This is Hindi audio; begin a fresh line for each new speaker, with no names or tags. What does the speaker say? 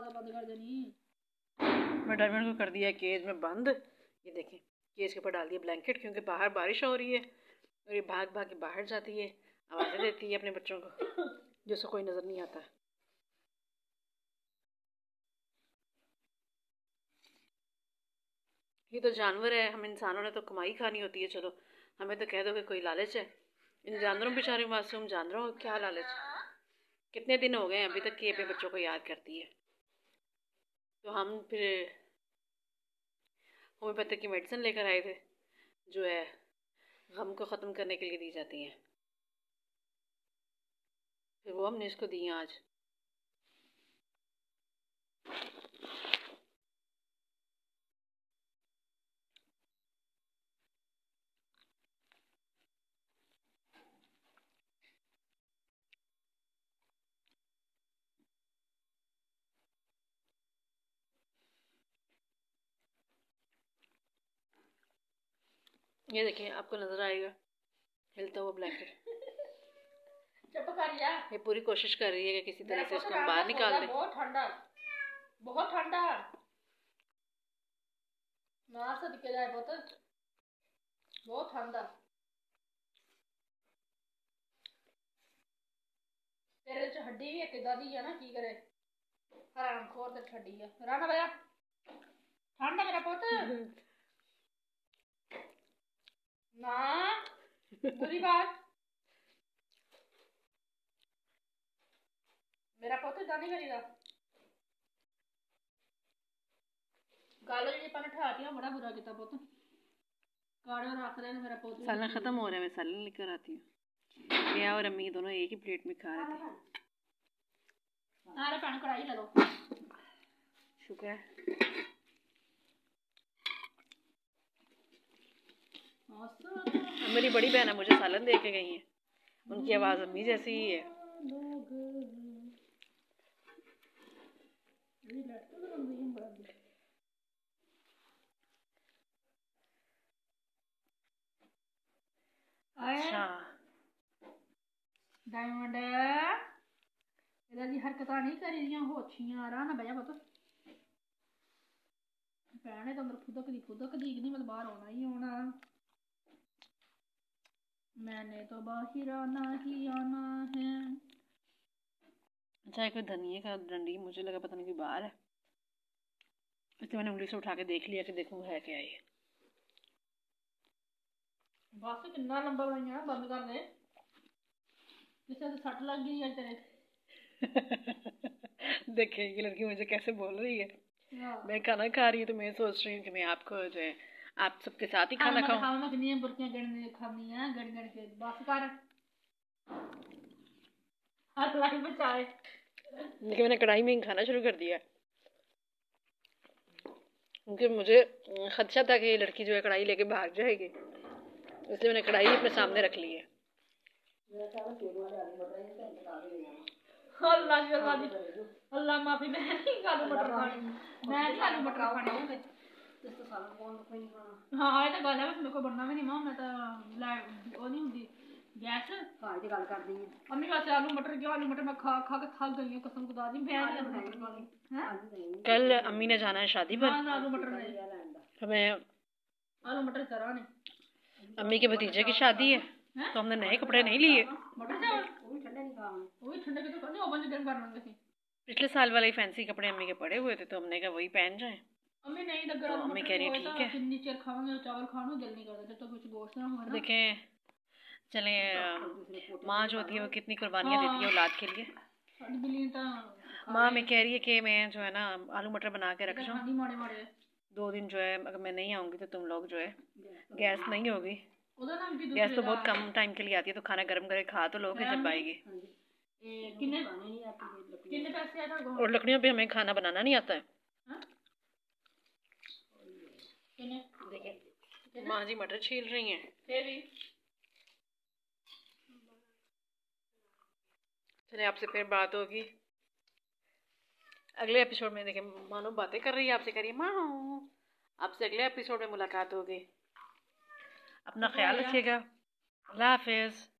बंद कर देनी मैं डायमंड को कर दिया केज में बंद ये देखें केज के ऊपर डाल दिया ब्लैंकेट क्योंकि बाहर बारिश हो रही है और ये भाग भाग के बाहर जाती है आवाज़ें देती है अपने बच्चों को जैसे कोई नज़र नहीं आता ये तो जानवर है हम इंसानों ने तो कमाई खानी होती है चलो हमें तो कह दो कि कोई लालच है इन जानवरों बेचारे मासूम जानवरों क्या लालच कितने दिन हो गए अभी तक कि अपने बच्चों को याद करती है तो हम फिर होम्योपैथिक की मेडिसिन लेकर आए थे जो है गम को ख़त्म करने के लिए दी जाती हैं फिर वो हमने इसको दी आज ये देखिए आपको नज़र आएगा हिलता हुआ ब्लैंकेट ये पूरी कोशिश कर रही है कि किसी तरह से इसको हम बाहर निकाल दें बहुत
ठंडा बहुत ठंडा ना से दिखे जाए बहुत बहुत ठंडा तेरे च तो हड्डी भी इक दादी है ना की करे हराम खोर दे तो हड्डी है राणा भैया ठंड है मेरा पुत बुरी बात मेरा पोते दाने करेगा गालो जी पाने ठहर दिया बड़ा बुरा किया पोत गाड़ो रख रहे मेरा पोत सालन खत्म हो
रहा है मैं सालन लेकर आती हूँ मैं और अम्मी दोनों एक ही प्लेट में खा रहे थे
अरे पानी कढ़ाई ले लो
शुक्र है मेरी बड़ी बहन है मुझे सालन दे के गई है उनकी आवाज अम्मी जैसी ही है अच्छा।
डायमंड हरकत नहीं करी दी हो बया पता भैने तो अंदर खुदक नहीं खुदक दी मतलब बहार आना ही आना मैंने तो बाहर आना ही आना है
अच्छा एक धनिया का डंडी मुझे लगा पता नहीं कोई बाहर है इसलिए मैंने उंगली से उठा के देख लिया कि देखो है क्या ये
बस कितना लंबा बनाइया बंद कर दे जिससे तो सट लग गई है तेरे
देखें ये लड़की मुझे कैसे बोल रही है हाँ। मैं खाना खा रही हूँ तो मैं सोच रही हूँ कि मैं आपको जो है आप सबके साथ ही खाना खाओ खाना
मखनी है बुरकियां गड़ने खानी है हाँ, गड़ गड़ के बस कर
हाथ लाई बचाए लेकिन मैंने कढ़ाई में ही खाना शुरू कर दिया क्योंकि मुझे खदशा था कि ये लड़की जो है कढ़ाई लेके भाग जाएगी इसलिए मैंने कढ़ाई अपने सामने रख ली है अल्लाह अल्लाह
माफी मैं नहीं मटर मैं नहीं आलू मटर खाने है शादी पर हमें हाँ, आलू मटर तो
अम्मी के भतीजे की शादी है तो हमने नए कपड़े नहीं लिए
तो
पिछले साल वाले फैंसी कपड़े अम्मी के पड़े हुए थे तो हमने कहा वही पहन जाए
तो मम्मी तो
देखें चले तो माँ जो होती है वो कितनी कुर्बानियाँ देती है हाँ। औलाद के लिए माँ मैं कह रही है कि मैं जो है ना आलू मटर बना के रख जाऊँ दो दिन जो है अगर मैं नहीं आऊँगी तो तुम लोग जो है गैस नहीं होगी
गैस तो बहुत कम
टाइम के लिए आती है तो खाना गर्म करके खा तो लोग जब आएगी और लकड़ियों पे हमें खाना बनाना नहीं आता है किसी माँ जी मटर छील रही हैं चले आपसे फिर बात होगी अगले एपिसोड में देखे मानो बातें कर रही है आपसे करिए माँ आपसे अगले एपिसोड में मुलाकात होगी अपना हाँ ख्याल रखिएगा अल्लाह हाफिज़